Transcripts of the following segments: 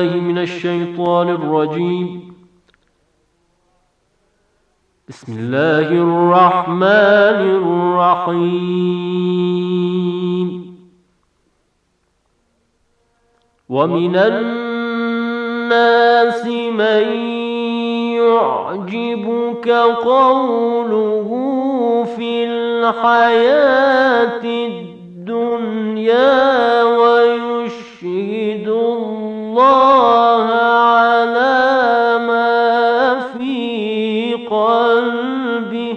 الله من الشيطان الرجيم بسم الله الرحمن الرحيم ومن الناس من يعجبك قوله في الحياة الدنيا ويشهد الله على ما في قلبه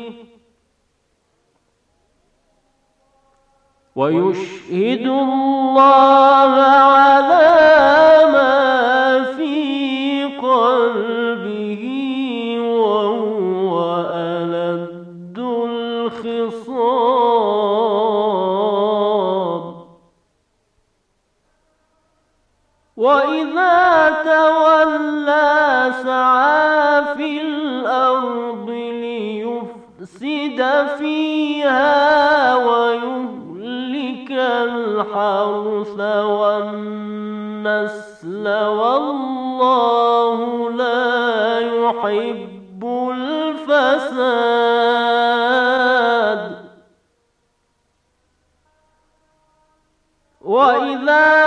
ويشهد الله على سعى في الأرض ليفسد فيها ويهلك الحرث والنسل والله لا يحب الفساد وإذا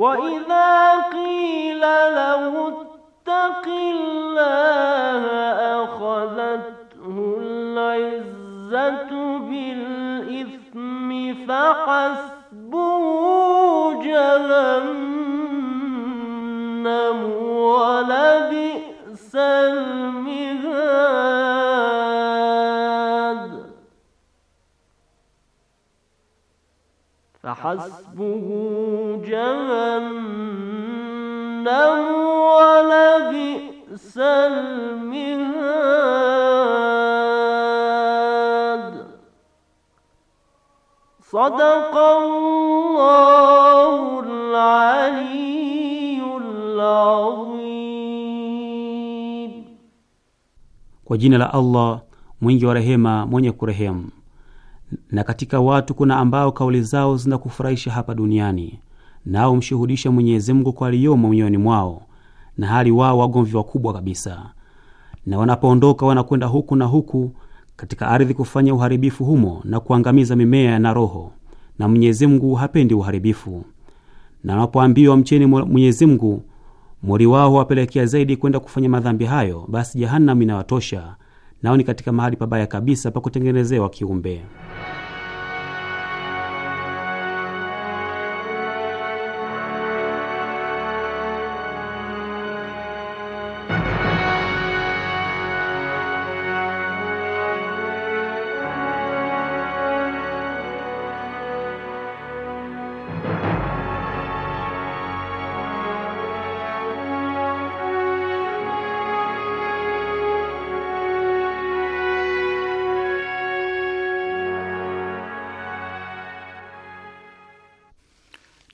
وإذا قيل له اتق الله أخذته العزة بالإثم فحسبه جهنم ولبئس المثوى فحسبه جهنم ولبئس المهاد صدق الله العلي العظيم. Kwa jina la Allah mwingi wa rehema mwenye kurehemu na katika watu kuna ambao kauli zao zinakufurahisha hapa duniani, nao mshuhudisha Mwenyezi Mungu kwa aliyomo mioyoni mwao, na hali wao wagomvi wakubwa kabisa. Na wanapoondoka wanakwenda huku na huku katika ardhi kufanya uharibifu humo na kuangamiza mimea na roho, na Mwenyezi Mungu hapendi uharibifu. Na wanapoambiwa mcheni Mwenyezi Mungu, mori wao huwapelekea zaidi kwenda kufanya madhambi hayo, basi jehanamu inawatosha, nao ni katika mahali pabaya kabisa pa kutengenezewa kiumbe.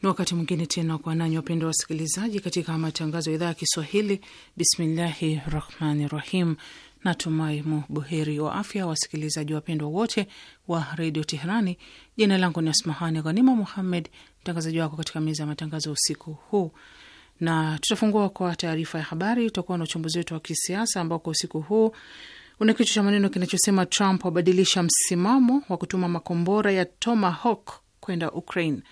Ni wakati mwingine tena kwa nanyi wapendwa wasikilizaji, katika matangazo ya idhaa ya Kiswahili. Bismillahi rahmani rahim. Natumai mubuheri wa afya, wasikilizaji wapendwa wote wa redio Teherani. Jina langu ni Asmahani Ghanima Muhammed, mtangazaji wako katika meza ya matangazo usiku huu, na tutafungua kwa taarifa ya habari. Tutakuwa na uchambuzi wetu wa kisiasa ambao kwa usiku huu una kichwa cha maneno kinachosema Trump wabadilisha msimamo wa kutuma makombora ya Tomahawk kwenda Ukraine.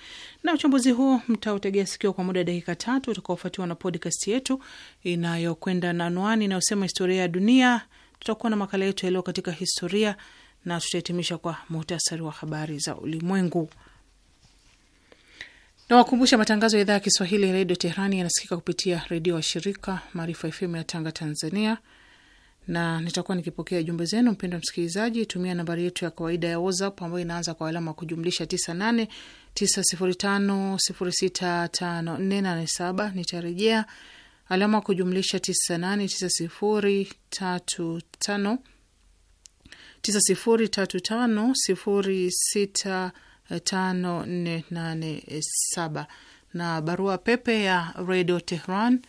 Na uchambuzi huu mtautegea sikio kwa muda dakika tatu utakaofuatiwa na podcast yetu inayokwenda na anwani inayosema historia ya dunia. Tutakuwa na makala yetu yaliyo katika historia na tutahitimisha kwa muhtasari wa habari za ulimwengu. Nawakumbusha matangazo ya idhaa ya Kiswahili ya redio Teherani yanasikika kupitia redio wa shirika Maarifa FM ya Tanga, Tanzania, na nitakuwa nikipokea jumbe zenu. Mpendwa msikilizaji, tumia nambari yetu ya kawaida ya WhatsApp ambayo inaanza kwa alama kujumlisha 989035065487. Nitarejea alama kujumlisha 989035 9035065487 na barua pepe ya Radio Tehran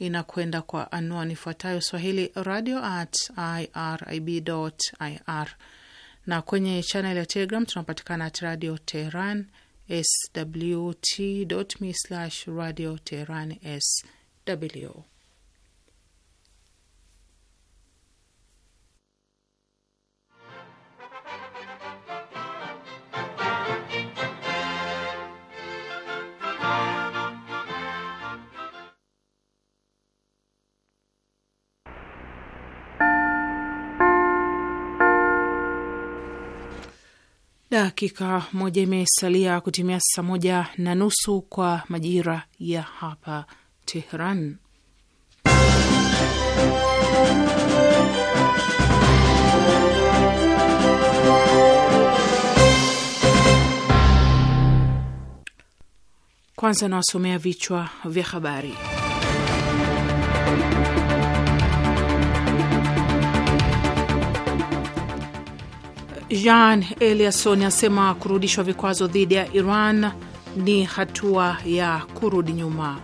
inakwenda kwa anwani ifuatayo swahili radio at irib ir, na kwenye chanel ya Telegram tunapatikana at radio Teheran swt me radio Teheran sw Dakika moja imesalia kutimia saa moja na nusu kwa majira ya hapa Tehran. Kwanza nawasomea vichwa vya habari. Jean Eliasson asema kurudishwa vikwazo dhidi ya Iran ni hatua ya kurudi nyuma.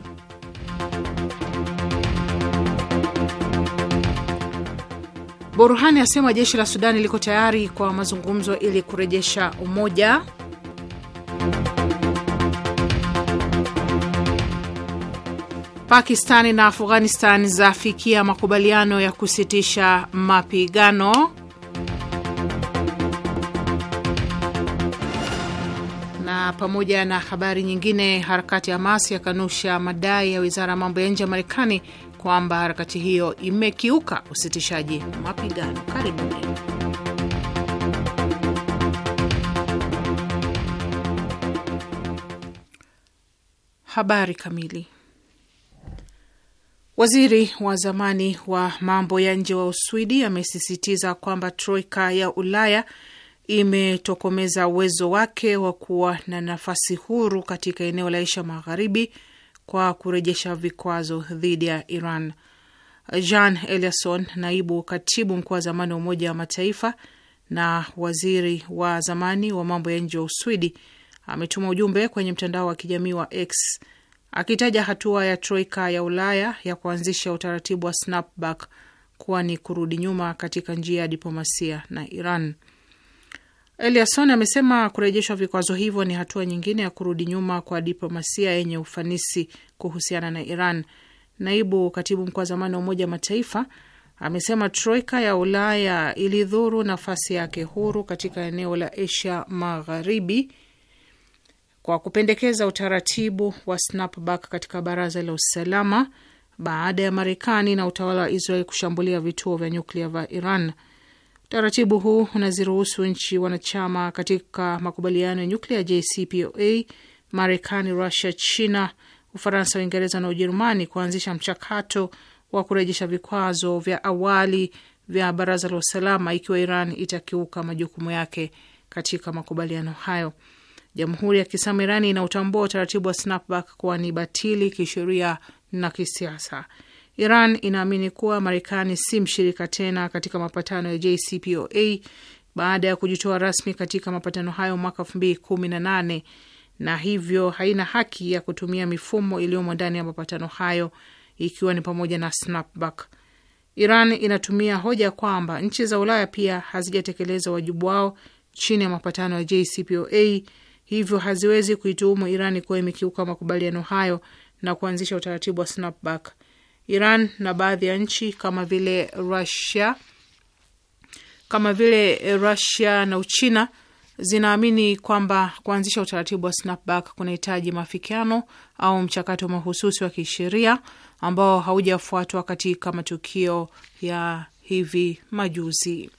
Burhani asema jeshi la Sudani liko tayari kwa mazungumzo ili kurejesha umoja. Pakistani na Afghanistan zafikia makubaliano ya kusitisha mapigano. pamoja na habari nyingine, harakati ya Hamas yakanusha madai ya wizara ya mambo ya nje ya Marekani kwamba harakati hiyo imekiuka usitishaji mapigano. Karibuni. Habari kamili. Waziri wa zamani wa mambo ya nje wa Uswidi amesisitiza kwamba troika ya Ulaya imetokomeza uwezo wake wa kuwa na nafasi huru katika eneo la Asia Magharibi kwa kurejesha vikwazo dhidi ya Iran. Jean Eliasson, naibu katibu mkuu wa zamani wa Umoja wa Mataifa na waziri wa zamani wa mambo ya nje wa Uswidi, ametuma ujumbe kwenye mtandao wa kijamii wa X akitaja hatua ya troika ya Ulaya ya kuanzisha utaratibu wa snapback kuwa ni kurudi nyuma katika njia ya diplomasia na Iran. Eliasson amesema kurejeshwa vikwazo hivyo ni hatua nyingine ya kurudi nyuma kwa diplomasia yenye ufanisi kuhusiana na Iran. Naibu katibu mkuu wa zamani wa Umoja wa Mataifa amesema troika ya Ulaya ilidhuru nafasi yake huru katika eneo la Asia Magharibi kwa kupendekeza utaratibu wa snapback katika Baraza la Usalama baada ya Marekani na utawala wa Israel kushambulia vituo vya nyuklia vya Iran. Utaratibu huu unaziruhusu nchi wanachama katika makubaliano ya nyuklia JCPOA, Marekani, Rusia, China, Ufaransa, Uingereza na Ujerumani kuanzisha mchakato wa kurejesha vikwazo vya awali vya Baraza la Usalama ikiwa Iran itakiuka majukumu yake katika makubaliano hayo. Jamhuri ya Kiislamu Irani inautambua utaratibu wa snapback kuwa ni batili kisheria na kisiasa. Iran inaamini kuwa Marekani si mshirika tena katika mapatano ya JCPOA baada ya kujitoa rasmi katika mapatano hayo mwaka kumi na hivyo haina haki ya kutumia mifumo iliyomo ndani ya mapatano hayo ikiwa ni pamoja na snapback. Iran inatumia hoja kwamba nchi za Ulaya pia hazijatekeleza wajibu wao chini ya mapatano ya JCPOA, hivyo haziwezi kuituhumu iran kuwa imekiuka makubaliano hayo na kuanzisha utaratibu wa snapback. Iran na baadhi ya nchi kama vile Russia, kama vile Russia na Uchina zinaamini kwamba kuanzisha utaratibu wa snapback kunahitaji mafikiano au mchakato mahususi wa kisheria ambao haujafuatwa katika matukio ya hivi majuzi.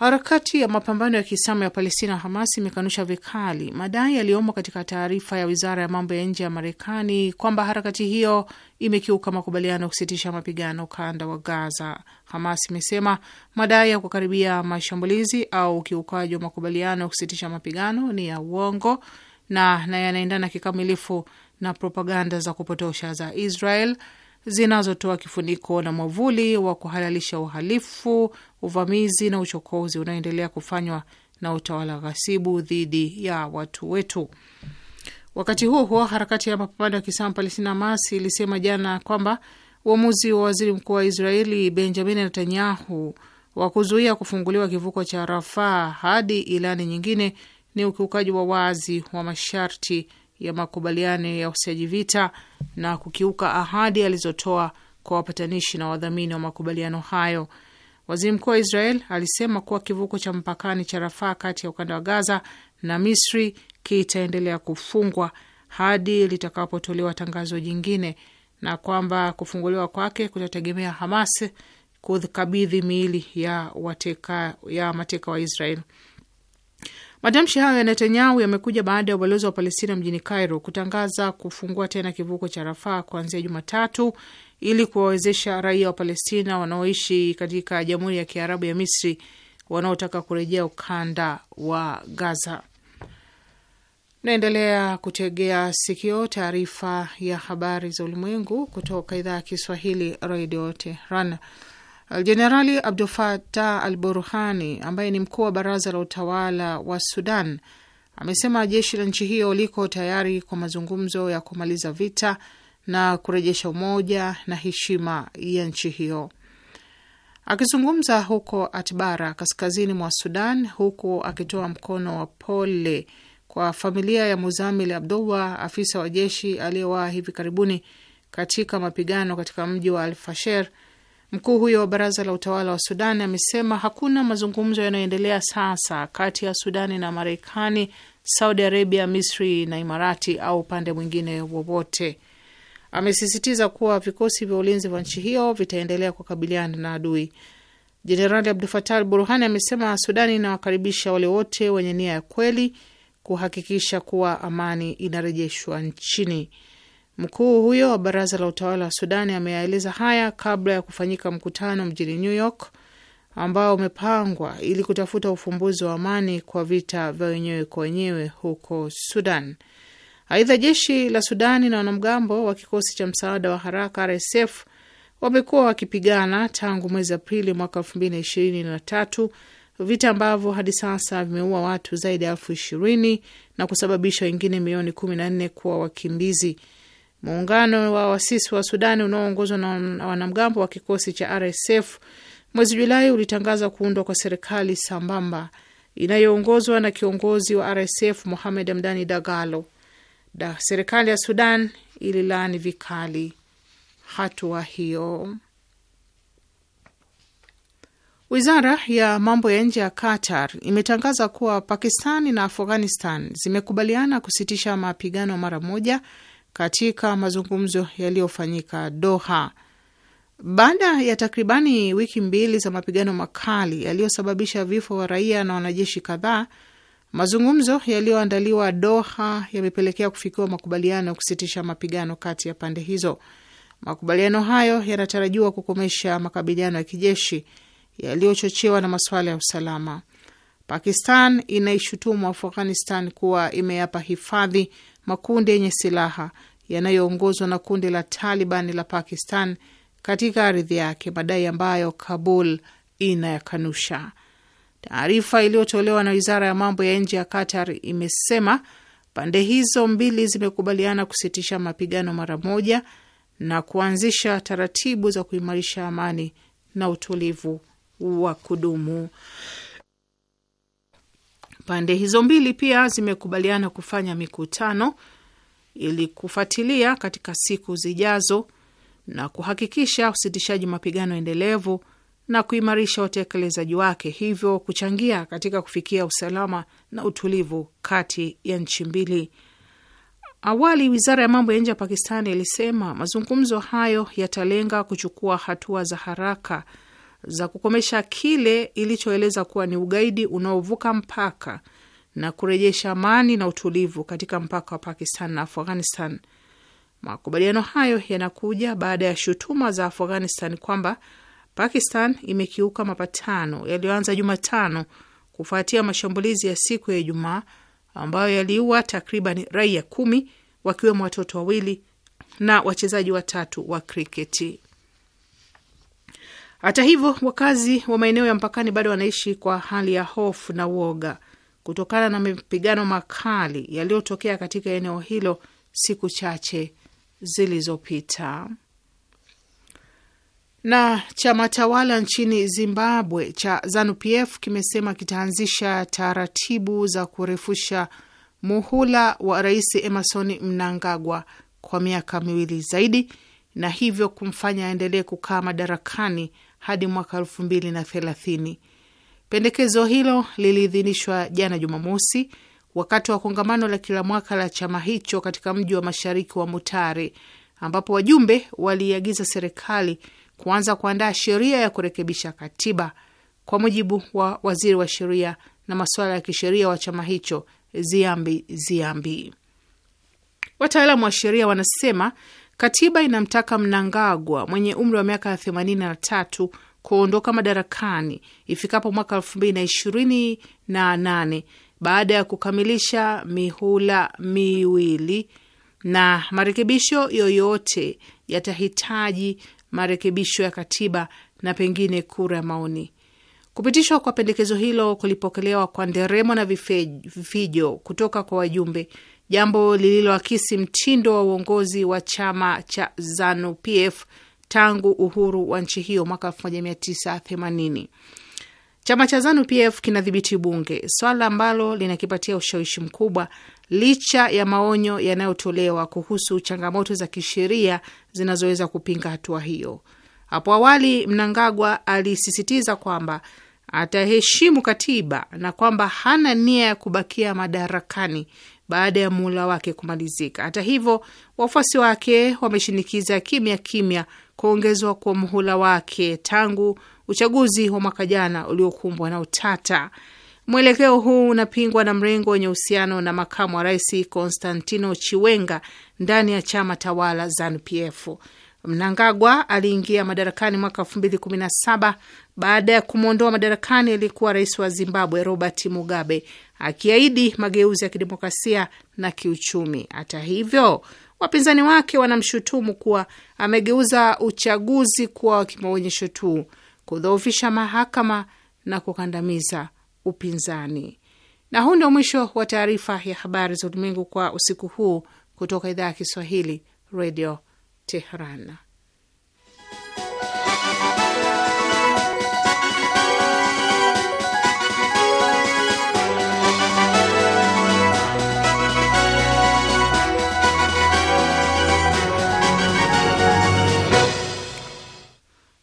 Harakati ya mapambano ya Kiislamu ya Palestina, Hamas, imekanusha vikali madai yaliyomo katika taarifa ya wizara ya mambo ya nje ya Marekani kwamba harakati hiyo imekiuka makubaliano ya kusitisha mapigano ukanda wa Gaza. Hamas imesema madai ya kukaribia mashambulizi au ukiukaji wa makubaliano ya kusitisha mapigano ni ya uongo na na yanaendana kikamilifu na propaganda za kupotosha za Israel zinazotoa kifuniko na mwavuli wa kuhalalisha uhalifu, uvamizi na uchokozi unaoendelea kufanywa na utawala ghasibu dhidi ya watu wetu. Wakati huo huo, harakati ya mapambano ya kisama Palestina, Hamas, ilisema jana kwamba uamuzi wa waziri mkuu wa Israeli Benjamin Netanyahu wa kuzuia kufunguliwa kivuko cha Rafaa hadi ilani nyingine ni ukiukaji wa wazi wa masharti ya makubaliano ya usiaji vita na kukiuka ahadi alizotoa kwa wapatanishi na wadhamini wa makubaliano hayo. Waziri mkuu wa Israel alisema kuwa kivuko cha mpakani cha Rafaa kati ya ukanda wa Gaza na Misri kitaendelea kufungwa hadi litakapotolewa tangazo jingine, na kwamba kufunguliwa kwake kutategemea Hamas kukabidhi miili ya, ya mateka wa Israel. Matamshi hayo ya Netanyahu yamekuja baada ya ubalozi wa Palestina mjini Cairo kutangaza kufungua tena kivuko cha Rafaa kuanzia Jumatatu ili kuwawezesha raia wa Palestina wanaoishi katika Jamhuri ya Kiarabu ya Misri wanaotaka kurejea ukanda wa Gaza. Naendelea kutegea sikio taarifa ya habari za ulimwengu kutoka idhaa ya Kiswahili, Radio Tehran. Jenerali Abdul Fatah al Burhani, ambaye ni mkuu wa baraza la utawala wa Sudan, amesema jeshi la nchi hiyo liko tayari kwa mazungumzo ya kumaliza vita na kurejesha umoja na heshima ya nchi hiyo. Akizungumza huko Atbara, kaskazini mwa Sudan, huku akitoa mkono wa pole kwa familia ya Muzamil Abdullah, afisa wa jeshi aliyewaa hivi karibuni katika mapigano katika mji wa Alfasher, Mkuu huyo wa baraza la utawala wa Sudani amesema hakuna mazungumzo yanayoendelea sasa kati ya Sudani na Marekani, Saudi Arabia, Misri na Imarati au upande mwingine wowote. Amesisitiza kuwa vikosi vya ulinzi vya nchi hiyo vitaendelea kukabiliana na adui. Jenerali Abdul Fatah Burhani amesema Sudani inawakaribisha wale wote wenye nia ya kweli kuhakikisha kuwa amani inarejeshwa nchini. Mkuu huyo wa baraza la utawala wa Sudani ameyaeleza haya kabla ya kufanyika mkutano mjini New York ambao umepangwa ili kutafuta ufumbuzi wa amani kwa vita vya wenyewe kwa wenyewe huko Sudan. Aidha, jeshi la Sudani na wanamgambo wa kikosi cha msaada wa haraka RSF wamekuwa wakipigana tangu mwezi Aprili mwaka elfu mbili na ishirini na tatu, vita ambavyo hadi sasa vimeua watu zaidi ya elfu ishirini na kusababisha wengine milioni kumi na nne kuwa wakimbizi Muungano wa wasisi wa Sudani unaoongozwa na wanamgambo wa kikosi cha RSF mwezi Julai ulitangaza kuundwa kwa serikali sambamba inayoongozwa na kiongozi wa RSF Mohamed Hamdani Dagalo. Da, serikali ya Sudan ililaani vikali hatua hiyo. Wizara ya mambo ya nje ya Qatar imetangaza kuwa Pakistani na Afghanistan zimekubaliana kusitisha mapigano mara moja katika mazungumzo yaliyofanyika Doha baada ya takribani wiki mbili za mapigano makali yaliyosababisha vifo wa raia na wanajeshi kadhaa. Mazungumzo yaliyoandaliwa Doha yamepelekea kufikiwa makubaliano ya kusitisha mapigano kati ya pande hizo. Makubaliano hayo yanatarajiwa kukomesha makabiliano ya kijeshi yaliyochochewa na masuala ya usalama. Pakistan inaishutumu Afghanistan kuwa imeyapa hifadhi makundi yenye silaha yanayoongozwa na kundi la Taliban la Pakistan katika ardhi yake, madai ambayo Kabul inayakanusha. Taarifa iliyotolewa na wizara ya mambo ya nje ya Qatar imesema pande hizo mbili zimekubaliana kusitisha mapigano mara moja na kuanzisha taratibu za kuimarisha amani na utulivu wa kudumu. Pande hizo mbili pia zimekubaliana kufanya mikutano ili kufuatilia katika siku zijazo na kuhakikisha usitishaji mapigano endelevu na kuimarisha utekelezaji wake, hivyo kuchangia katika kufikia usalama na utulivu kati ya nchi mbili. Awali wizara ya mambo ya nje ya Pakistani ilisema mazungumzo hayo yatalenga kuchukua hatua za haraka za kukomesha kile ilichoeleza kuwa ni ugaidi unaovuka mpaka na kurejesha amani na utulivu katika mpaka wa Pakistan na Afghanistan. Makubaliano hayo yanakuja baada ya shutuma za Afghanistan kwamba Pakistan imekiuka mapatano yaliyoanza Jumatano kufuatia mashambulizi ya siku ya Ijumaa ambayo yaliua takriban raia kumi wakiwemo watoto wawili na wachezaji watatu wa kriketi. Hata hivyo, wakazi wa maeneo ya mpakani bado wanaishi kwa hali ya hofu na woga kutokana na mapigano makali yaliyotokea katika eneo hilo siku chache zilizopita. Na chama tawala nchini Zimbabwe cha ZANUPF kimesema kitaanzisha taratibu za kurefusha muhula wa Rais Emerson Mnangagwa kwa miaka miwili zaidi na hivyo kumfanya aendelee kukaa madarakani hadi mwaka elfu mbili na thelathini. Pendekezo hilo liliidhinishwa jana Jumamosi wakati wa kongamano la kila mwaka la chama hicho katika mji wa mashariki wa Mutare, ambapo wajumbe waliiagiza serikali kuanza kuandaa sheria ya kurekebisha katiba kwa mujibu wa waziri wa sheria na masuala ya kisheria wa chama hicho Ziambi Ziambi. Wataalamu wa sheria wanasema Katiba inamtaka Mnangagwa mwenye umri wa miaka 83 kuondoka madarakani ifikapo mwaka 2028 baada ya kukamilisha mihula miwili na marekebisho yoyote yatahitaji marekebisho ya katiba na pengine kura ya maoni. Kupitishwa kwa pendekezo hilo kulipokelewa kwa nderemo na vifijo kutoka kwa wajumbe jambo lililoakisi mtindo wa uongozi wa chama cha ZANU PF tangu uhuru wa nchi hiyo mwaka 1980. Chama cha ZANU PF kinadhibiti bunge, swala ambalo linakipatia ushawishi mkubwa licha ya maonyo yanayotolewa kuhusu changamoto za kisheria zinazoweza kupinga hatua hiyo. Hapo awali, Mnangagwa alisisitiza kwamba ataheshimu katiba na kwamba hana nia ya kubakia madarakani baada ya muhula wake kumalizika. Hata hivyo, wafuasi wake wameshinikiza kimya kimya kuongezwa kwa muhula wake tangu uchaguzi wa mwaka jana uliokumbwa na utata. Mwelekeo huu unapingwa na mrengo wenye uhusiano na makamu wa rais Konstantino Chiwenga ndani ya chama tawala ZANUPF. Mnangagwa aliingia madarakani mwaka 2017 baada ya kumwondoa madarakani aliyekuwa rais wa Zimbabwe Robert Mugabe, akiahidi mageuzi ya kidemokrasia na kiuchumi. Hata hivyo, wapinzani wake wanamshutumu kuwa amegeuza uchaguzi kuwa wa kimaonyesho tu, kudhoofisha mahakama na kukandamiza upinzani. Na huu ndio mwisho wa taarifa ya habari za ulimwengu kwa usiku huu kutoka idhaa ya Kiswahili Radio Tehran.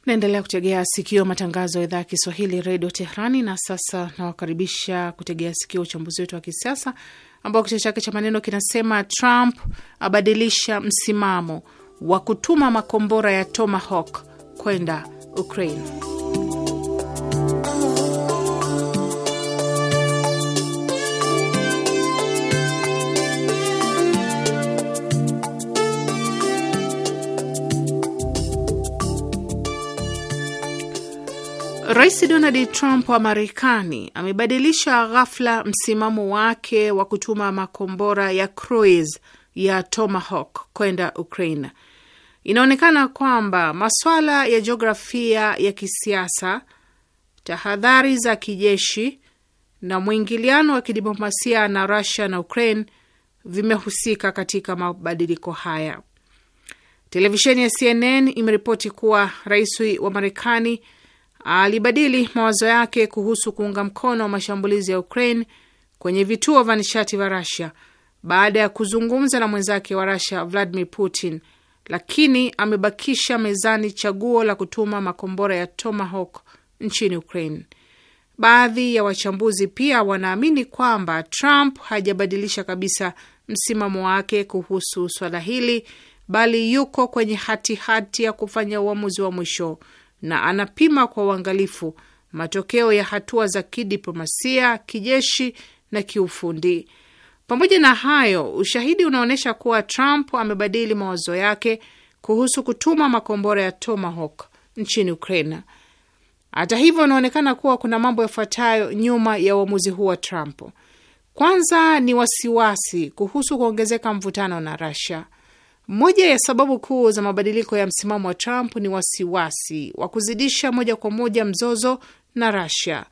Naendelea kutegea sikio matangazo ya idhaa ya Kiswahili redio Tehrani. Na sasa nawakaribisha kutegea sikio uchambuzi wetu wa kisiasa ambao kichwa chake cha maneno kinasema Trump abadilisha msimamo wa kutuma makombora ya Tomahawk kwenda Ukraine. Rais Donald Trump wa Marekani amebadilisha ghafla msimamo wake wa kutuma makombora ya cruise ya Tomahawk kwenda Ukraine. Inaonekana kwamba maswala ya jiografia ya kisiasa, tahadhari za kijeshi na mwingiliano wa kidiplomasia na Rusia na Ukraine vimehusika katika mabadiliko haya. Televisheni ya CNN imeripoti kuwa rais wa Marekani alibadili mawazo yake kuhusu kuunga mkono wa mashambulizi ya Ukraine kwenye vituo vya nishati vya Rusia baada ya kuzungumza na mwenzake wa Russia Vladimir Putin, lakini amebakisha mezani chaguo la kutuma makombora ya Tomahawk nchini Ukraine. Baadhi ya wachambuzi pia wanaamini kwamba Trump hajabadilisha kabisa msimamo wake kuhusu swala hili, bali yuko kwenye hatihati hati ya kufanya uamuzi wa mwisho na anapima kwa uangalifu matokeo ya hatua za kidiplomasia, kijeshi na kiufundi. Pamoja na hayo, ushahidi unaonyesha kuwa Trump amebadili mawazo yake kuhusu kutuma makombora ya Tomahawk nchini Ukraina. Hata hivyo, inaonekana kuwa kuna mambo yafuatayo nyuma ya uamuzi huu wa Trump. Kwanza ni wasiwasi kuhusu kuongezeka mvutano na Russia. Moja ya sababu kuu za mabadiliko ya msimamo wa Trump ni wasiwasi wa kuzidisha moja kwa moja mzozo na Russia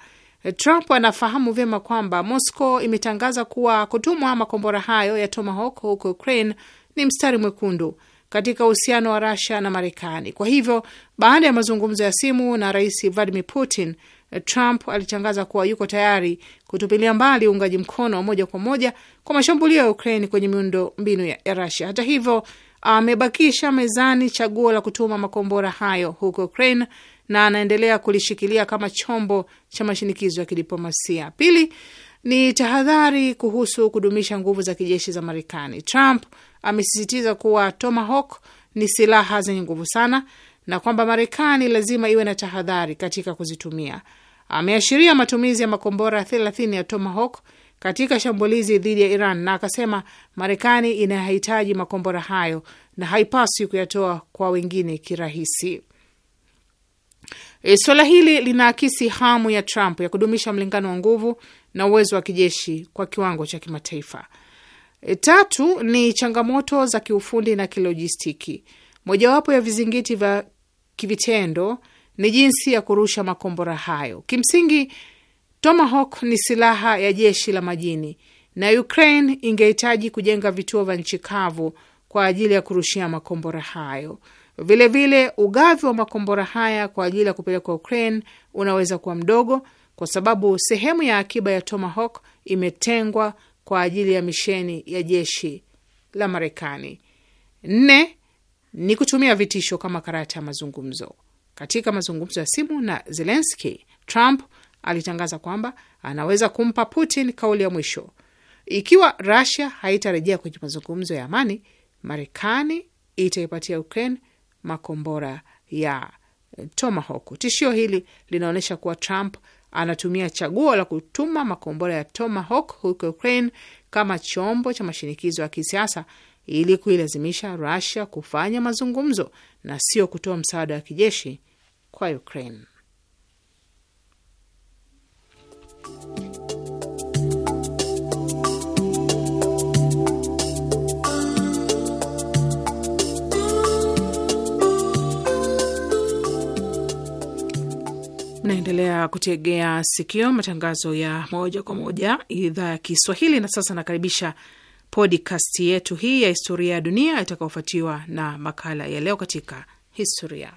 Eh, Trump anafahamu vyema kwamba Moscow imetangaza kuwa kutumwa makombora hayo ya Tomahawk huko Ukraine ni mstari mwekundu katika uhusiano wa Russia na Marekani. Kwa hivyo, baada ya mazungumzo ya simu na Rais Vladimir Putin, eh, Trump alitangaza kuwa yuko tayari kutupilia mbali uungaji mkono wa moja kwa moja kwa mashambulio ya Ukraine kwenye miundo mbinu ya, ya Russia. Hata hivyo, amebakisha mezani chaguo la kutuma makombora hayo huko Ukraine na anaendelea kulishikilia kama chombo cha mashinikizo ya kidiplomasia. Pili ni tahadhari kuhusu kudumisha nguvu za kijeshi za Marekani. Trump amesisitiza kuwa Tomahawk ni silaha zenye nguvu sana na kwamba Marekani lazima iwe na tahadhari katika kuzitumia. Ameashiria matumizi ya makombora 30 ya Tomahawk katika shambulizi dhidi ya Iran na akasema Marekani inahitaji makombora hayo na haipaswi kuyatoa kwa wengine kirahisi. E, swala hili linaakisi hamu ya Trump ya kudumisha mlingano wa nguvu na uwezo wa kijeshi kwa kiwango cha kimataifa. E, tatu ni changamoto za kiufundi na kilojistiki. Mojawapo ya vizingiti vya kivitendo ni jinsi ya kurusha makombora hayo. Kimsingi, Tomahawk ni silaha ya jeshi la majini na Ukraine ingehitaji kujenga vituo vya nchi kavu kwa ajili ya kurushia makombora hayo. Vilevile, ugavi wa makombora haya kwa ajili ya kupelekwa Ukraine unaweza kuwa mdogo kwa sababu sehemu ya akiba ya Tomahawk imetengwa kwa ajili ya misheni ya jeshi la Marekani. Nne ni kutumia vitisho kama karata ya mazungumzo. Katika mazungumzo ya simu na zelenski Trump alitangaza kwamba anaweza kumpa Putin kauli ya mwisho ikiwa rusia haitarejea kwenye mazungumzo ya amani. Marekani itaipatia Ukraine makombora ya eh, Tomahawk. Tishio hili linaonyesha kuwa Trump anatumia chaguo la kutuma makombora ya Tomahawk huko Ukraine kama chombo cha mashinikizo ya kisiasa ili kuilazimisha rasia kufanya mazungumzo na sio kutoa msaada wa kijeshi kwa Ukraine. Mnaendelea kutegea sikio matangazo ya moja kwa moja idhaa ya Kiswahili. Na sasa nakaribisha podcast yetu hii ya historia ya dunia itakayofuatiwa na makala ya leo katika historia.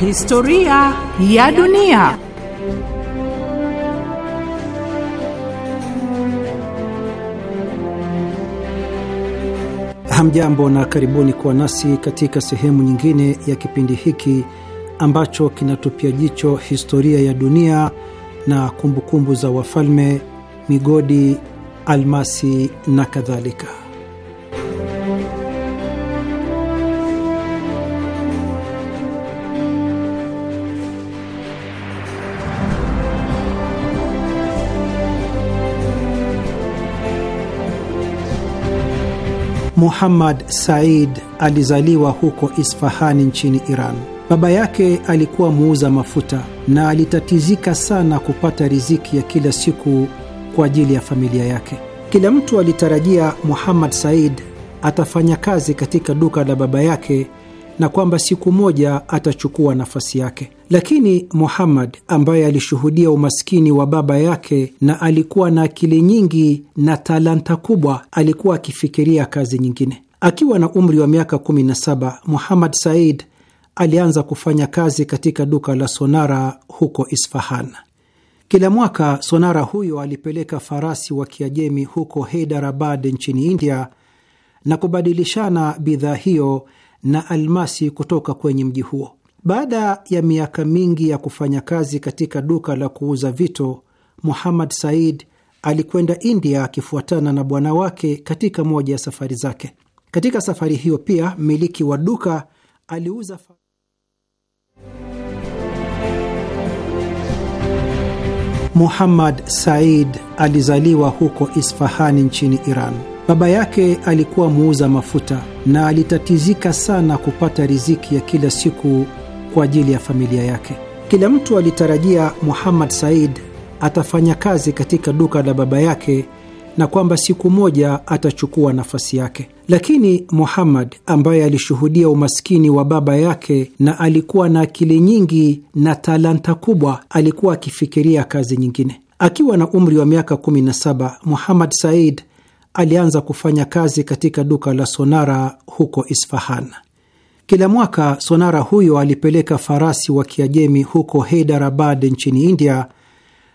Historia ya dunia. Hamjambo na karibuni kuwa nasi katika sehemu nyingine ya kipindi hiki ambacho kinatupia jicho historia ya dunia na kumbukumbu za wafalme, migodi, almasi na kadhalika. Muhammad Said alizaliwa huko Isfahani nchini Iran. Baba yake alikuwa muuza mafuta na alitatizika sana kupata riziki ya kila siku kwa ajili ya familia yake. Kila mtu alitarajia Muhammad Said atafanya kazi katika duka la baba yake na kwamba siku moja atachukua nafasi yake. Lakini Muhammad ambaye alishuhudia umaskini wa baba yake na alikuwa na akili nyingi na talanta kubwa, alikuwa akifikiria kazi nyingine. Akiwa na umri wa miaka 17, Muhammad Said alianza kufanya kazi katika duka la sonara huko Isfahan. Kila mwaka sonara huyo alipeleka farasi wa Kiajemi huko Heidarabad nchini India na kubadilishana bidhaa hiyo na almasi kutoka kwenye mji huo. Baada ya miaka mingi ya kufanya kazi katika duka la kuuza vito, Muhammad Said alikwenda India akifuatana na bwana wake katika moja ya safari zake. Katika safari hiyo pia mmiliki wa duka aliuza fa Muhammad Said alizaliwa huko Isfahani nchini Iran. Baba yake alikuwa muuza mafuta na alitatizika sana kupata riziki ya kila siku kwa ajili ya familia yake. Kila mtu alitarajia Muhammad Said atafanya kazi katika duka la baba yake na kwamba siku moja atachukua nafasi yake, lakini Muhammad ambaye alishuhudia umaskini wa baba yake na alikuwa na akili nyingi na talanta kubwa, alikuwa akifikiria kazi nyingine. Akiwa na umri wa miaka 17 Muhammad Said alianza kufanya kazi katika duka la sonara huko Isfahan. Kila mwaka sonara huyo alipeleka farasi wa Kiajemi huko Heidarabad nchini India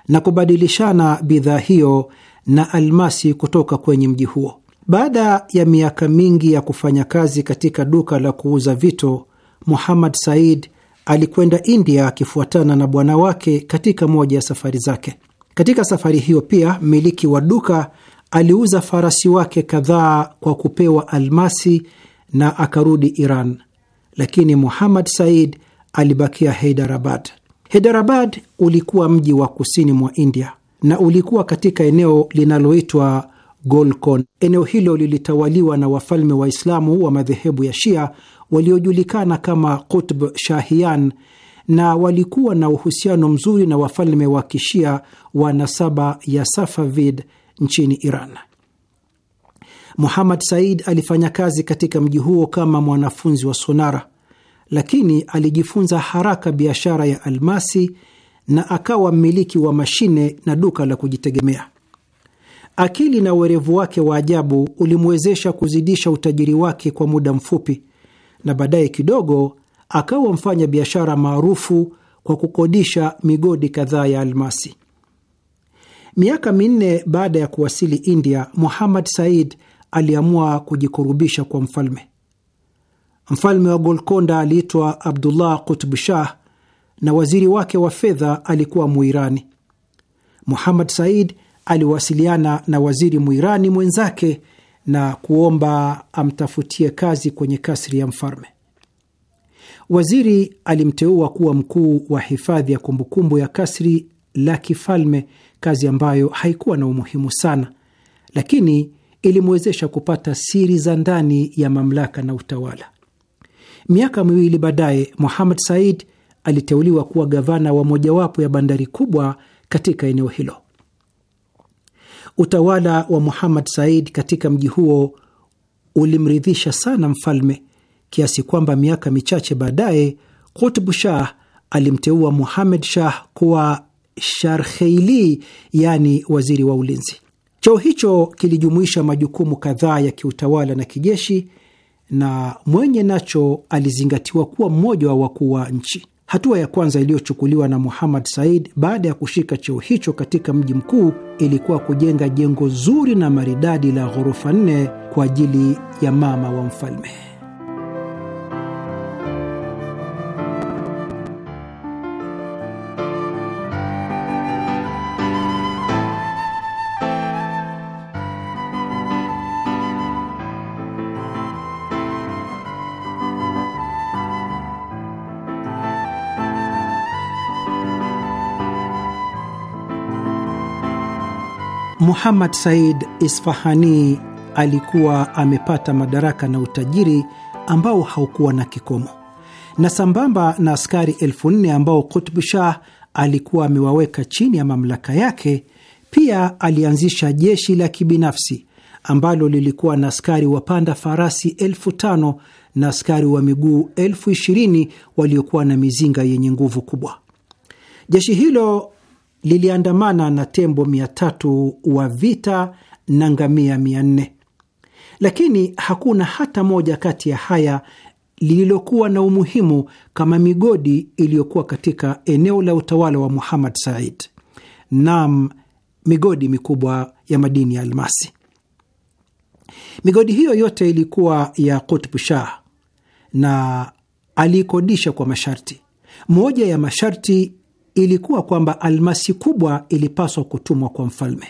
na kubadilishana bidhaa hiyo na almasi kutoka kwenye mji huo. Baada ya miaka mingi ya kufanya kazi katika duka la kuuza vito, Muhammad Said alikwenda India akifuatana na bwana wake katika moja ya safari zake. Katika safari hiyo pia, mmiliki wa duka aliuza farasi wake kadhaa kwa kupewa almasi na akarudi Iran, lakini Muhammad Said alibakia Heidarabad. Heidarabad ulikuwa mji wa kusini mwa India na ulikuwa katika eneo linaloitwa Golkon. Eneo hilo lilitawaliwa na wafalme Waislamu wa madhehebu ya Shia waliojulikana kama kutb Shahiyan, na walikuwa na uhusiano mzuri na wafalme wa kishia wa nasaba ya Safavid nchini Iran. Muhammad Said alifanya kazi katika mji huo kama mwanafunzi wa sonara, lakini alijifunza haraka biashara ya almasi na akawa mmiliki wa mashine na duka la kujitegemea. Akili na uwerevu wake wa ajabu ulimwezesha kuzidisha utajiri wake kwa muda mfupi, na baadaye kidogo akawa mfanya biashara maarufu kwa kukodisha migodi kadhaa ya almasi. Miaka minne baada ya kuwasili India, Muhammad Said aliamua kujikurubisha kwa mfalme. Mfalme wa Golkonda aliitwa Abdullah Kutb Shah na waziri wake wa fedha alikuwa Muirani. Muhammad Said aliwasiliana na waziri Muirani mwenzake na kuomba amtafutie kazi kwenye kasri ya mfalme. Waziri alimteua kuwa mkuu wa hifadhi ya kumbukumbu ya kasri la kifalme kazi ambayo haikuwa na umuhimu sana, lakini ilimwezesha kupata siri za ndani ya mamlaka na utawala. Miaka miwili baadaye, Muhammad Said aliteuliwa kuwa gavana wa mojawapo ya bandari kubwa katika eneo hilo. Utawala wa Muhammad Said katika mji huo ulimridhisha sana mfalme kiasi kwamba miaka michache baadaye Kutbu Shah alimteua Muhammad Shah kuwa Sharkheili, yaani waziri wa ulinzi. Cheo hicho kilijumuisha majukumu kadhaa ya kiutawala na kijeshi, na mwenye nacho alizingatiwa kuwa mmoja wa wakuu wa nchi. Hatua ya kwanza iliyochukuliwa na Muhammad Said baada ya kushika cheo hicho katika mji mkuu ilikuwa kujenga jengo zuri na maridadi la ghorofa nne kwa ajili ya mama wa mfalme. Muhammad Said Isfahani alikuwa amepata madaraka na utajiri ambao haukuwa na kikomo, na sambamba na askari elfu nne ambao Kutbu Shah alikuwa amewaweka chini ya mamlaka yake, pia alianzisha jeshi la kibinafsi ambalo lilikuwa na askari wapanda farasi elfu tano na askari wa miguu elfu ishirini waliokuwa na mizinga yenye nguvu kubwa. Jeshi hilo liliandamana na tembo mia tatu wa vita na ngamia mia nne lakini hakuna hata moja kati ya haya lililokuwa na umuhimu kama migodi iliyokuwa katika eneo la utawala wa Muhammad Said. Naam, migodi mikubwa ya madini ya almasi. Migodi hiyo yote ilikuwa ya Kutbu Shah na aliikodisha kwa masharti. Moja ya masharti ilikuwa kwamba almasi kubwa ilipaswa kutumwa kwa mfalme.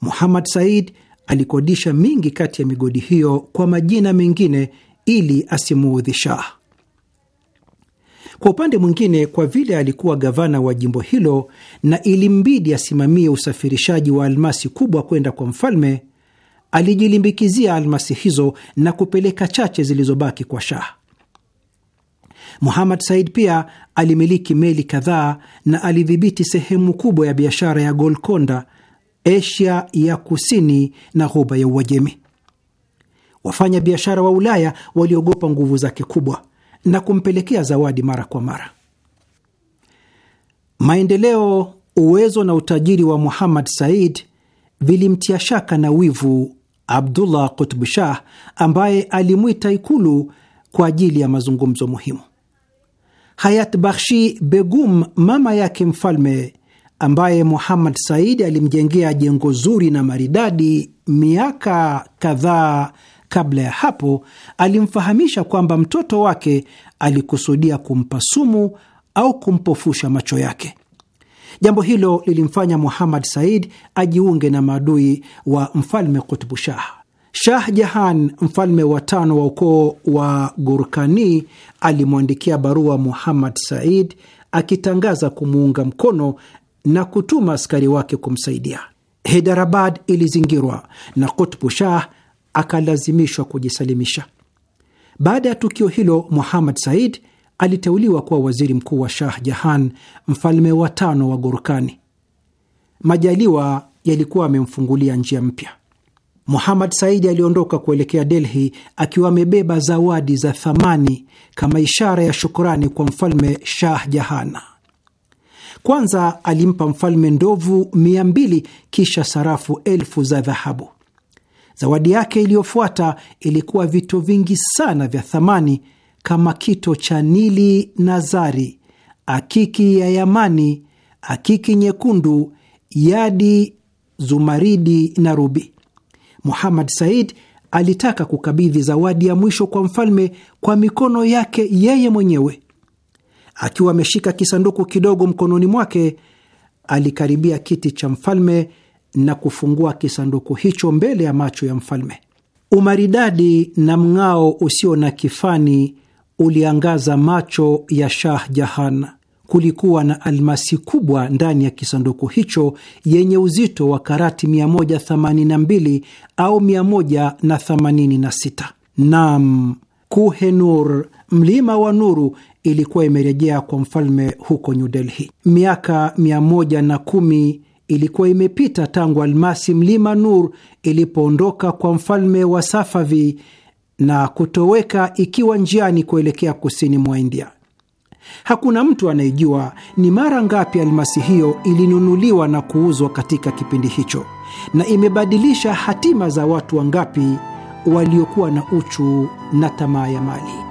Muhammad Said alikodisha mingi kati ya migodi hiyo kwa majina mengine ili asimuudhi Shah. Kwa upande mwingine, kwa vile alikuwa gavana wa jimbo hilo na ilimbidi asimamie usafirishaji wa almasi kubwa kwenda kwa mfalme, alijilimbikizia almasi hizo na kupeleka chache zilizobaki kwa Shah. Muhammad Said pia alimiliki meli kadhaa na alidhibiti sehemu kubwa ya biashara ya Golconda, Asia ya kusini na ghuba ya Uajemi. Wafanya biashara wa Ulaya waliogopa nguvu zake kubwa na kumpelekea zawadi mara kwa mara. Maendeleo, uwezo na utajiri wa Muhammad Said vilimtia shaka na wivu Abdullah Qutb Shah ambaye alimwita Ikulu kwa ajili ya mazungumzo muhimu. Hayat Bakhshi Begum, mama yake mfalme, ambaye Muhammad saidi alimjengea jengo zuri na maridadi miaka kadhaa kabla ya hapo, alimfahamisha kwamba mtoto wake alikusudia kumpa sumu au kumpofusha macho yake. Jambo hilo lilimfanya Muhammad Said ajiunge na maadui wa mfalme Kutbu Shaha. Shah Jahan, mfalme wa tano wa ukoo wa Gurkani, alimwandikia barua Muhammad Said akitangaza kumuunga mkono na kutuma askari wake kumsaidia. Hedarabad ilizingirwa na Kutbu Shah akalazimishwa kujisalimisha. Baada ya tukio hilo, Muhammad Said aliteuliwa kuwa waziri mkuu wa Shah Jahan, mfalme wa tano wa Gurkani. Majaliwa yalikuwa amemfungulia njia mpya. Muhamad Saidi aliondoka kuelekea Delhi akiwa amebeba zawadi za thamani kama ishara ya shukurani kwa mfalme Shah Jahana. Kwanza alimpa mfalme ndovu mia mbili kisha sarafu elfu za dhahabu. Zawadi yake iliyofuata ilikuwa vito vingi sana vya thamani kama kito cha Nili na zari, akiki ya Yamani, akiki nyekundu, yadi, zumaridi na rubi. Muhammad Said alitaka kukabidhi zawadi ya mwisho kwa mfalme kwa mikono yake yeye mwenyewe. Akiwa ameshika kisanduku kidogo mkononi mwake, alikaribia kiti cha mfalme na kufungua kisanduku hicho mbele ya macho ya mfalme. Umaridadi na mng'ao usio na kifani uliangaza macho ya Shah Jahan kulikuwa na almasi kubwa ndani ya kisanduku hicho yenye uzito wa karati 182 au 186. Naam, Kuhenur, mlima wa nuru, ilikuwa imerejea kwa mfalme huko New Delhi. Miaka 110 ilikuwa imepita tangu almasi mlima Nur ilipoondoka kwa mfalme wa Safavi na kutoweka ikiwa njiani kuelekea kusini mwa India. Hakuna mtu anayejua ni mara ngapi almasi hiyo ilinunuliwa na kuuzwa katika kipindi hicho na imebadilisha hatima za watu wangapi waliokuwa na uchu na tamaa ya mali.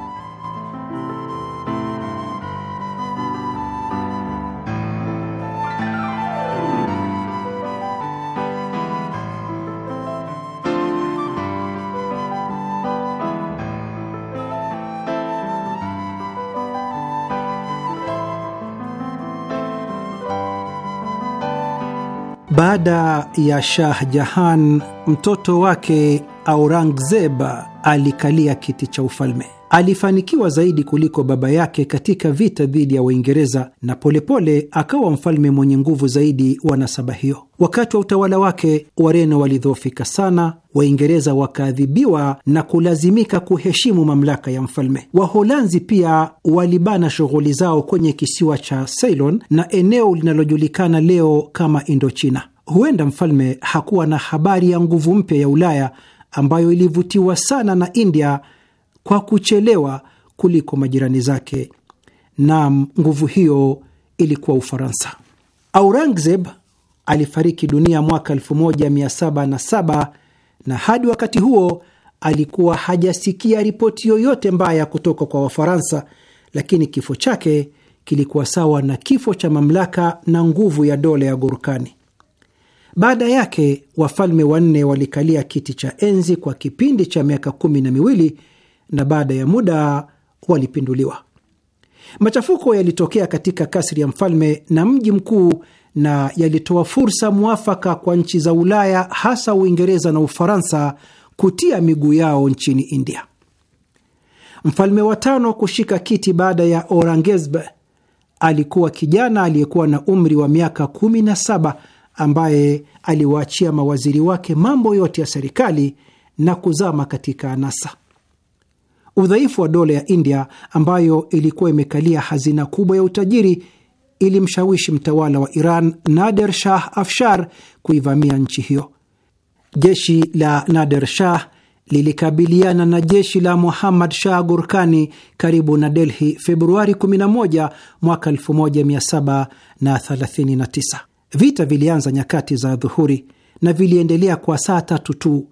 Baada ya Shah Jahan, mtoto wake Aurangzeb alikalia kiti cha ufalme. Alifanikiwa zaidi kuliko baba yake katika vita dhidi ya Waingereza na polepole akawa mfalme mwenye nguvu zaidi wa nasaba hiyo. Wakati wa utawala wake, Wareno walidhoofika sana, Waingereza wakaadhibiwa na kulazimika kuheshimu mamlaka ya mfalme. Waholanzi pia walibana shughuli zao kwenye kisiwa cha Ceylon na eneo linalojulikana leo kama Indochina. Huenda mfalme hakuwa na habari ya nguvu mpya ya Ulaya ambayo ilivutiwa sana na India kwa kuchelewa kuliko majirani zake. Naam, nguvu hiyo ilikuwa Ufaransa. Aurangzeb alifariki dunia mwaka 1707 na hadi wakati huo alikuwa hajasikia ripoti yoyote mbaya kutoka kwa Wafaransa, lakini kifo chake kilikuwa sawa na kifo cha mamlaka na nguvu ya dola ya Gurkani. Baada yake wafalme wanne walikalia kiti cha enzi kwa kipindi cha miaka kumi na miwili na baada ya muda walipinduliwa. Machafuko yalitokea katika kasri ya mfalme na mji mkuu na yalitoa fursa mwafaka kwa nchi za Ulaya, hasa Uingereza na Ufaransa, kutia miguu yao nchini India. Mfalme wa tano kushika kiti baada ya Aurangzeb alikuwa kijana aliyekuwa na umri wa miaka kumi na saba ambaye aliwaachia mawaziri wake mambo yote ya serikali na kuzama katika anasa. Udhaifu wa dola ya India ambayo ilikuwa imekalia hazina kubwa ya utajiri ilimshawishi mtawala wa Iran Nader Shah Afshar kuivamia nchi hiyo. Jeshi la Nader Shah lilikabiliana na jeshi la Muhammad Shah Gurkani karibu na Delhi Februari 11 mwaka 1739. Vita vilianza nyakati za dhuhuri na viliendelea kwa saa tatu tu.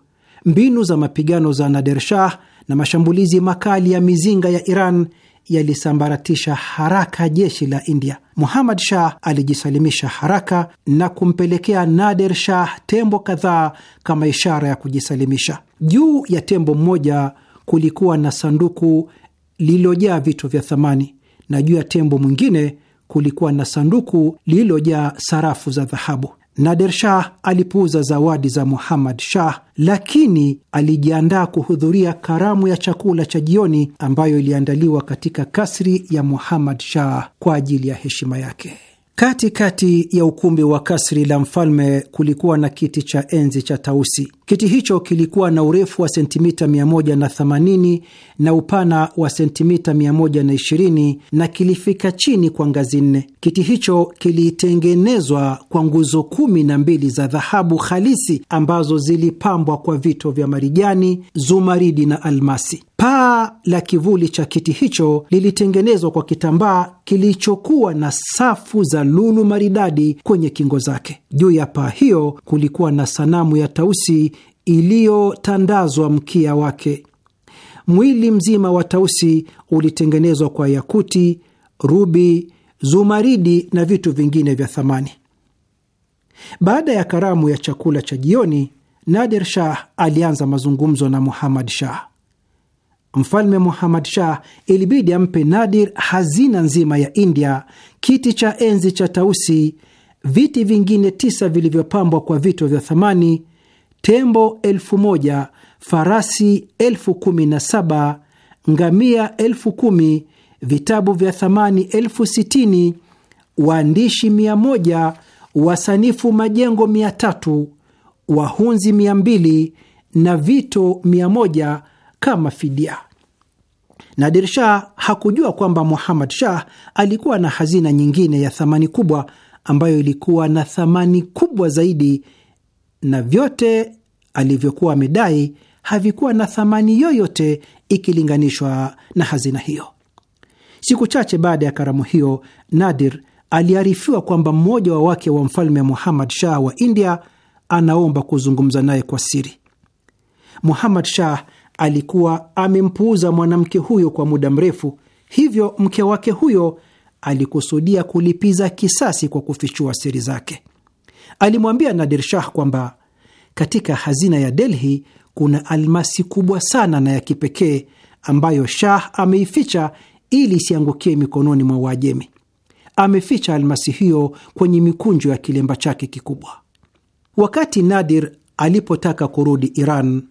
Mbinu za mapigano za Nader Shah na mashambulizi makali ya mizinga ya Iran yalisambaratisha haraka jeshi la India. Muhammad Shah alijisalimisha haraka na kumpelekea Nader Shah tembo kadhaa kama ishara ya kujisalimisha. Juu ya tembo mmoja kulikuwa na sanduku lililojaa vitu vya thamani na juu ya tembo mwingine kulikuwa na sanduku lililojaa sarafu za dhahabu. Nader Shah alipuuza zawadi za Muhammad Shah, lakini alijiandaa kuhudhuria karamu ya chakula cha jioni ambayo iliandaliwa katika kasri ya Muhammad Shah kwa ajili ya heshima yake. Katikati kati ya ukumbi wa kasri la mfalme kulikuwa na kiti cha enzi cha tausi. Kiti hicho kilikuwa na urefu wa sentimita 180 na upana wa sentimita 120 na kilifika chini kwa ngazi nne. Kiti hicho kilitengenezwa kwa nguzo kumi na mbili za dhahabu halisi ambazo zilipambwa kwa vito vya marijani, zumaridi na almasi. Paa la kivuli cha kiti hicho lilitengenezwa kwa kitambaa kilichokuwa na safu za lulu maridadi kwenye kingo zake. Juu ya paa hiyo kulikuwa na sanamu ya tausi iliyotandazwa mkia wake. Mwili mzima wa tausi ulitengenezwa kwa yakuti, rubi, zumaridi na vitu vingine vya thamani. Baada ya karamu ya chakula cha jioni, Nader Shah alianza mazungumzo na Muhammad Shah. Mfalme Muhammad Shah ilibidi ampe Nadir hazina nzima ya India, kiti cha enzi cha tausi, viti vingine tisa vilivyopambwa kwa vito vya thamani, tembo elfu moja, farasi elfu kumi na saba, ngamia elfu kumi, vitabu vya thamani elfu sitini, waandishi mia moja, wasanifu majengo mia tatu, wahunzi mia mbili na vito mia moja kama fidia. Nadir Shah hakujua kwamba Muhammad Shah alikuwa na hazina nyingine ya thamani kubwa ambayo ilikuwa na thamani kubwa zaidi, na vyote alivyokuwa amedai havikuwa na thamani yoyote ikilinganishwa na hazina hiyo. Siku chache baada ya karamu hiyo, Nadir aliarifiwa kwamba mmoja wa wake wa mfalme Muhammad Shah wa India anaomba kuzungumza naye kwa siri. Muhammad Shah alikuwa amempuuza mwanamke huyo kwa muda mrefu, hivyo mke wake huyo alikusudia kulipiza kisasi kwa kufichua siri zake. Alimwambia Nadir Shah kwamba katika hazina ya Delhi kuna almasi kubwa sana na ya kipekee ambayo Shah ameificha ili isiangukie mikononi mwa Uajemi. Ameficha almasi hiyo kwenye mikunjo ya kilemba chake kikubwa. Wakati Nadir alipotaka kurudi Iran,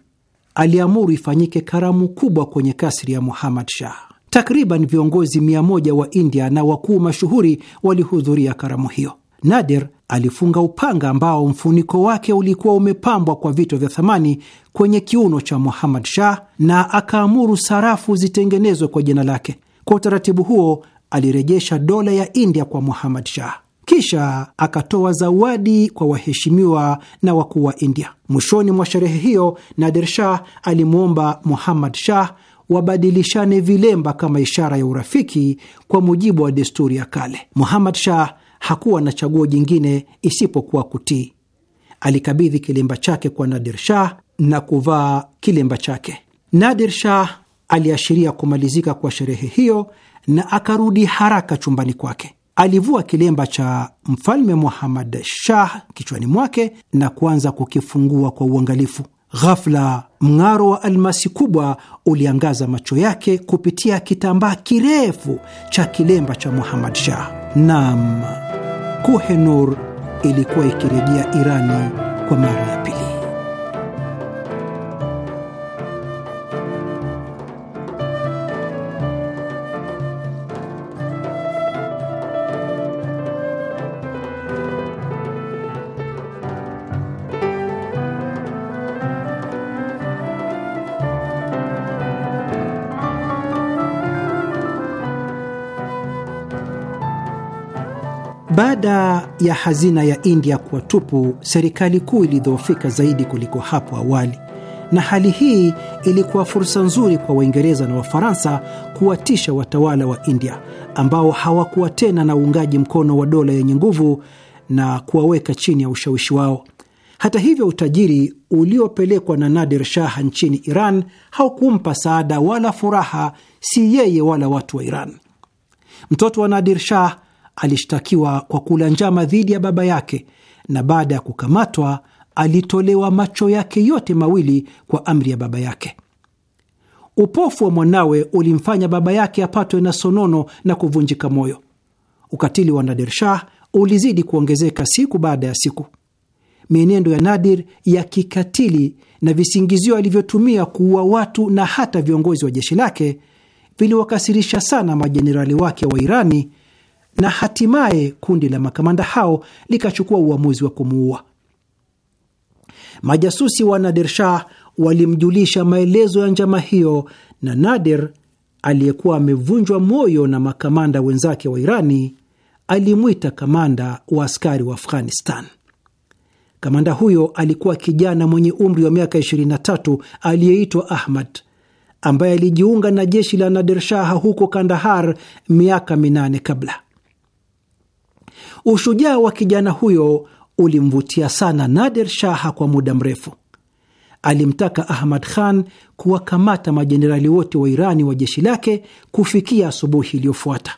aliamuru ifanyike karamu kubwa kwenye kasri ya Muhammad Shah. Takriban viongozi mia moja wa India na wakuu mashuhuri walihudhuria karamu hiyo. Nader alifunga upanga ambao mfuniko wake ulikuwa umepambwa kwa vito vya thamani kwenye kiuno cha Muhammad Shah na akaamuru sarafu zitengenezwe kwa jina lake. Kwa utaratibu huo alirejesha dola ya India kwa Muhammad Shah. Kisha akatoa zawadi kwa waheshimiwa na wakuu wa India. Mwishoni mwa sherehe hiyo, Nader Shah alimwomba Muhammad Shah wabadilishane vilemba kama ishara ya urafiki kwa mujibu wa desturi ya kale. Muhammad Shah hakuwa na chaguo jingine isipokuwa kutii. Alikabidhi kilemba chake kwa nader Shah na kuvaa kilemba chake. nader Shah aliashiria kumalizika kwa sherehe hiyo na akarudi haraka chumbani kwake alivua kilemba cha mfalme Muhammad Shah kichwani mwake na kuanza kukifungua kwa uangalifu. Ghafla mng'aro wa almasi kubwa uliangaza macho yake kupitia kitambaa kirefu cha kilemba cha Muhammad Shah. Naam, kuhenur ilikuwa ikirejea Irani kwa mara ya pili. ya hazina ya India kuwa tupu, serikali kuu ilidhoofika zaidi kuliko hapo awali, na hali hii ilikuwa fursa nzuri kwa Waingereza na Wafaransa kuwatisha watawala wa India ambao hawakuwa tena na uungaji mkono wa dola yenye nguvu na kuwaweka chini ya ushawishi wao. Hata hivyo, utajiri uliopelekwa na Nadir Shah nchini Iran haukumpa saada wala furaha, si yeye wala watu wa Iran. Mtoto wa Nadir Shah alishtakiwa kwa kula njama dhidi ya baba yake, na baada ya kukamatwa alitolewa macho yake yote mawili kwa amri ya baba yake. Upofu wa mwanawe ulimfanya baba yake apatwe na sonono na kuvunjika moyo. Ukatili wa Nadir Shah ulizidi kuongezeka siku baada ya siku. Mienendo ya Nadir ya kikatili na visingizio alivyotumia kuua watu na hata viongozi wa jeshi lake viliwakasirisha sana majenerali wake wa Irani na hatimaye kundi la makamanda hao likachukua uamuzi wa kumuua. Majasusi wa Nader Shah walimjulisha maelezo ya njama hiyo, na nader aliyekuwa amevunjwa moyo na makamanda wenzake wa Irani alimwita kamanda wa askari wa Afghanistan. Kamanda huyo alikuwa kijana mwenye umri wa miaka 23 aliyeitwa Ahmad ambaye alijiunga na jeshi la nader Shah huko Kandahar miaka minane kabla. Ushujaa wa kijana huyo ulimvutia sana Nader Shaha kwa muda mrefu. Alimtaka Ahmad Khan kuwakamata majenerali wote wa Irani wa jeshi lake kufikia asubuhi iliyofuata,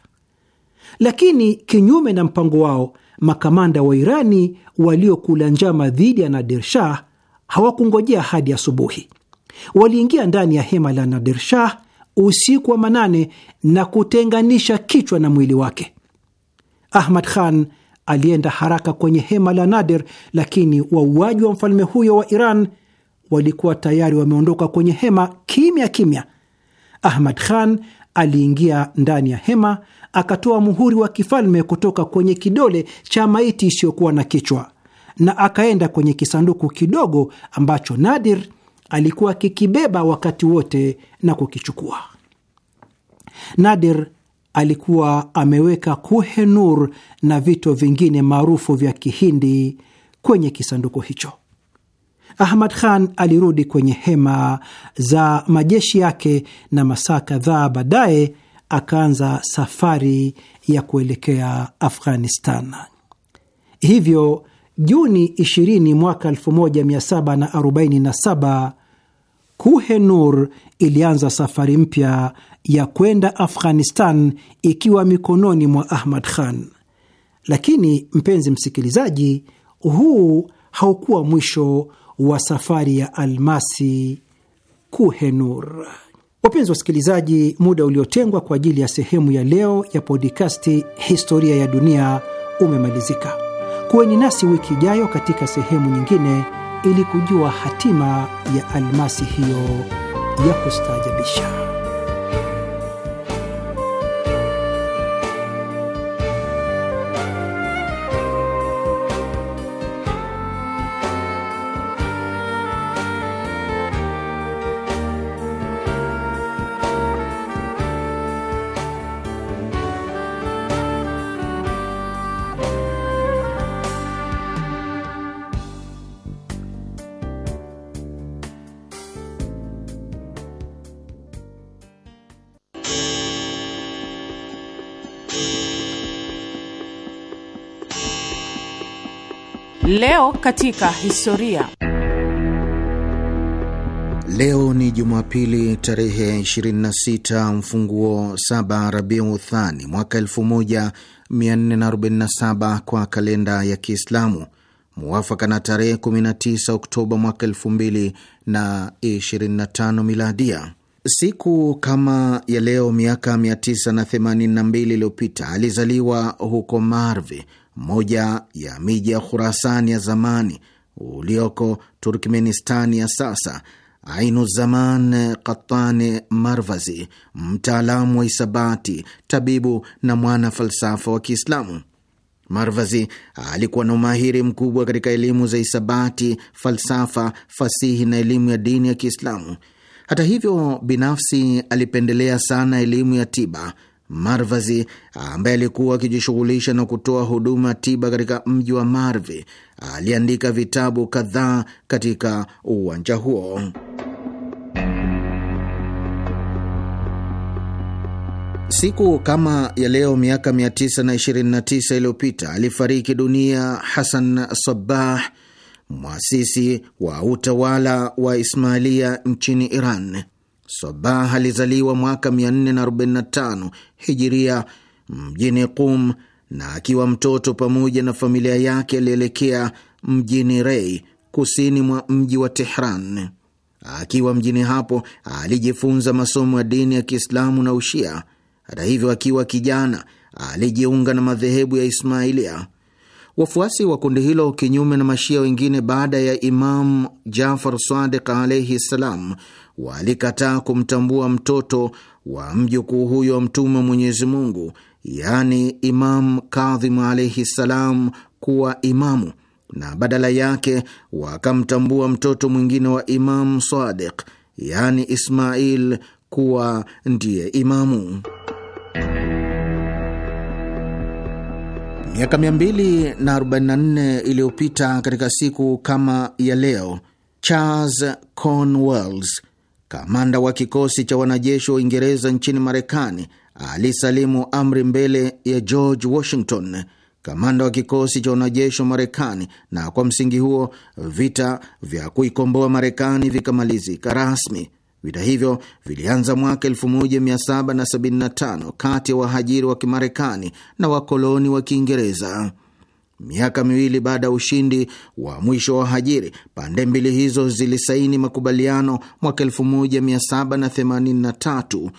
lakini kinyume na mpango wao, makamanda wa Irani waliokula njama dhidi ya Nader Shah hawakungojea hadi asubuhi. Waliingia ndani ya hema la Nader Shah usiku wa manane na kutenganisha kichwa na mwili wake. Ahmad Khan alienda haraka kwenye hema la Nader, lakini wauaji wa mfalme huyo wa Iran walikuwa tayari wameondoka kwenye hema kimya kimya. Ahmad Khan aliingia ndani ya hema, akatoa muhuri wa kifalme kutoka kwenye kidole cha maiti isiyokuwa na kichwa na akaenda kwenye kisanduku kidogo ambacho Nadir alikuwa akikibeba wakati wote na kukichukua. Nadir alikuwa ameweka kuhe nur na vito vingine maarufu vya Kihindi kwenye kisanduku hicho. Ahmad Khan alirudi kwenye hema za majeshi yake na masaa kadhaa baadaye akaanza safari ya kuelekea Afghanistan. Hivyo Juni 20 mwaka 1747 Kuhe Nur ilianza safari mpya ya kwenda Afghanistan ikiwa mikononi mwa Ahmad Khan. Lakini mpenzi msikilizaji, huu haukuwa mwisho wa safari ya almasi Kuhenur. Wapenzi wasikilizaji, muda uliotengwa kwa ajili ya sehemu ya leo ya podikasti Historia ya Dunia umemalizika. Kuweni nasi wiki ijayo katika sehemu nyingine ili kujua hatima ya almasi hiyo ya kustaajabisha. katika historia. Leo ni Jumapili tarehe 26 mfunguo 7 Rabiu Thani mwaka 1447 kwa kalenda ya Kiislamu, muwafaka na tarehe 19 Oktoba mwaka 2025 miladia. Siku kama ya leo miaka 982 iliyopita alizaliwa huko Marvi moja ya miji ya Khurasani ya zamani ulioko Turkmenistani ya sasa. Ainu Zaman Katani Marvazi, mtaalamu wa hisabati, tabibu na mwana falsafa wa Kiislamu. Marvazi alikuwa na umahiri mkubwa katika elimu za hisabati, falsafa, fasihi na elimu ya dini ya Kiislamu. Hata hivyo, binafsi alipendelea sana elimu ya tiba Marvazi ambaye alikuwa akijishughulisha na kutoa huduma tiba katika mji wa Marvi aliandika vitabu kadhaa katika uwanja huo. Siku kama ya leo miaka 929 iliyopita alifariki dunia Hasan Sabbah, mwasisi wa utawala wa Ismailia nchini Iran. Sabah alizaliwa mwaka 445 hijiria mjini Qum, na akiwa mtoto pamoja na familia yake alielekea mjini Rei, kusini mwa mji wa Tehran. Akiwa mjini hapo alijifunza masomo ya dini ya Kiislamu na Ushia. Hata hivyo, akiwa kijana alijiunga na madhehebu ya Ismailia. Wafuasi wa kundi hilo, kinyume na mashia wengine, baada ya Imam Jafar Sadiq alaihi ssalam, walikataa kumtambua mtoto wa mjukuu huyo wa Mtume Mwenyezi Mungu, yaani Imamu Kadhimu alaihi ssalam, kuwa imamu na badala yake wakamtambua mtoto mwingine wa Imamu Sadiq, yani Ismail, kuwa ndiye imamu. Miaka 244 iliyopita katika siku kama ya leo, Charles Cornwells kamanda wa kikosi cha wanajeshi wa Uingereza nchini Marekani alisalimu amri mbele ya George Washington, kamanda wa kikosi cha wanajeshi wa Marekani, na kwa msingi huo vita vya kuikomboa Marekani vikamalizika rasmi. Vita hivyo vilianza mwaka 1775 kati ya wahajiri wa Kimarekani na wakoloni wa Kiingereza. Miaka miwili baada ya ushindi wa mwisho wa Hajiri, pande mbili hizo zilisaini makubaliano mwaka 1783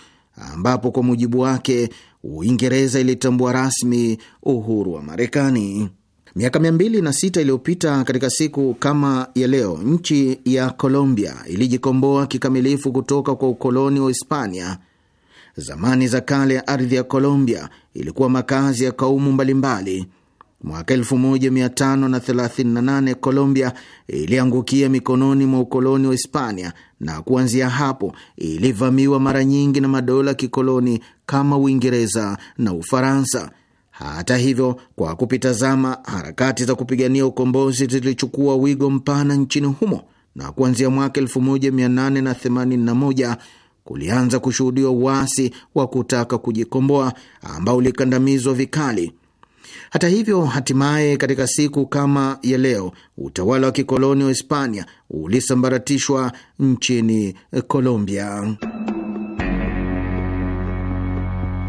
ambapo kwa mujibu wake Uingereza ilitambua rasmi uhuru wa Marekani. Miaka mia mbili na sita iliyopita katika siku kama ya leo, nchi ya Colombia ilijikomboa kikamilifu kutoka kwa ukoloni wa Hispania. Zamani za kale ya ardhi ya Colombia ilikuwa makazi ya kaumu mbalimbali. Mwaka 1538 Colombia iliangukia mikononi mwa ukoloni wa Hispania na kuanzia hapo ilivamiwa mara nyingi na madola kikoloni kama Uingereza na Ufaransa. Hata hivyo, kwa kupita zama, harakati za kupigania ukombozi zilichukua wigo mpana nchini humo na kuanzia mwaka 1881 kulianza kushuhudiwa uasi wa kutaka kujikomboa ambao ulikandamizwa vikali hata hivyo, hatimaye katika siku kama ya leo utawala wa kikoloni wa Hispania ulisambaratishwa nchini Colombia.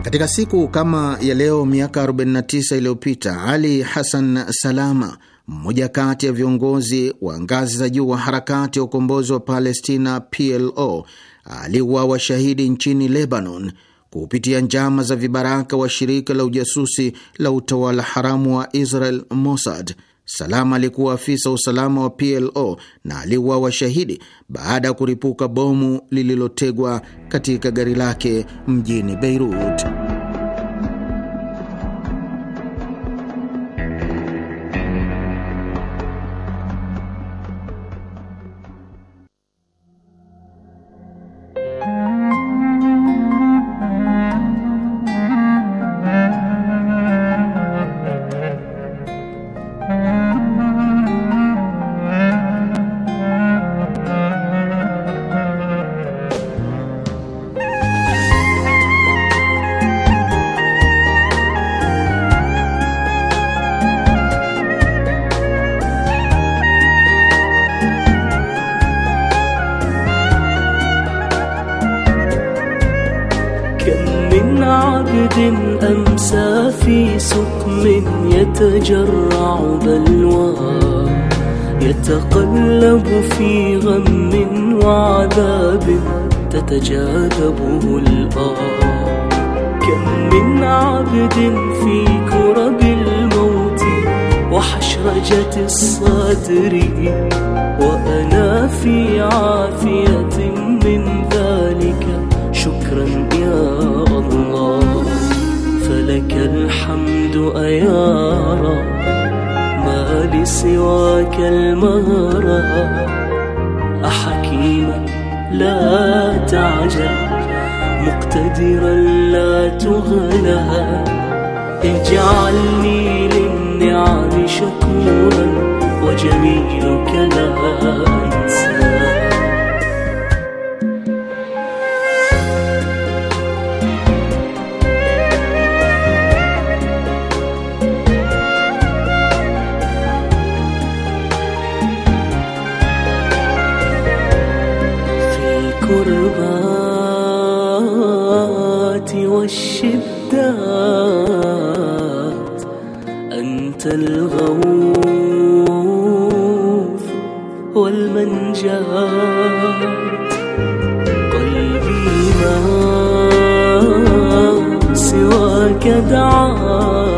Katika siku kama ya leo miaka 49 iliyopita Ali Hassan Salama, mmoja kati ya viongozi wa ngazi za juu wa harakati ya ukombozi wa Palestina PLO, aliuawa shahidi nchini Lebanon kupitia njama za vibaraka wa shirika la ujasusi la utawala haramu wa Israel, Mossad. Salama alikuwa afisa usalama wa PLO na aliuawa shahidi baada ya kuripuka bomu lililotegwa katika gari lake mjini Beirut. يتجرع بلوى يتقلب في غم وعذاب تتجاذبه الأرض كم من عبد في كرب الموت وحشرجة الصدر وأنا في عافية من ذلك شكرا يا رب الحمد أيا رب ما لي سواك المهرة أحكيما لا تعجل مقتدرا لا تغلى اجعلني للنعم شكورا وجميلك لا دعاك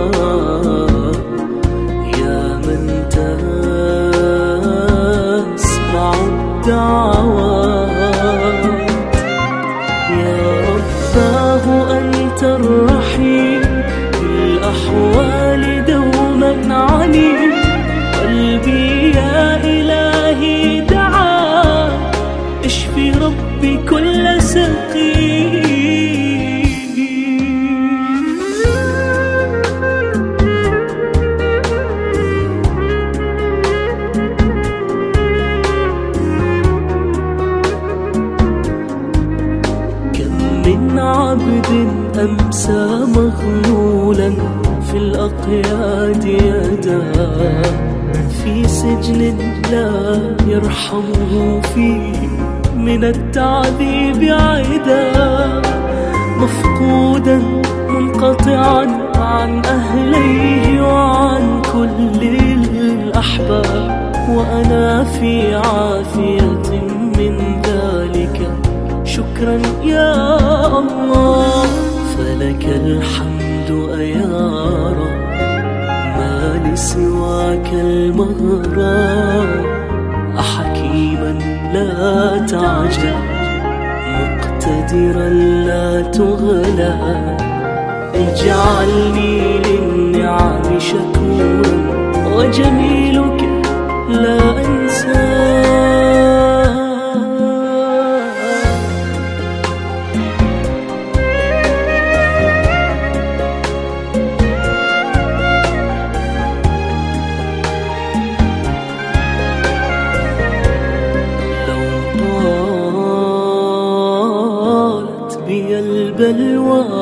من التعذيب عدا مفقودا منقطعا عن أهليه وعن كل الأحباب وأنا في عافية من ذلك شكرا يا الله فلك الحمد أيا رب ما لسواك المهرب لا تعجل مقتدرا لا تغلى اجعلني للنعم شكورا وجميلك لا أنساه بلوى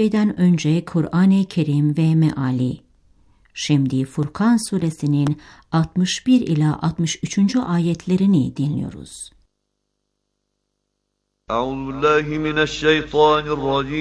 şeyden önce Kur'an-ı Kerim ve Meali. Şimdi Furkan suresinin 61 ila 63. ayetlerini dinliyoruz. Euzu billahi mineşşeytanirracim.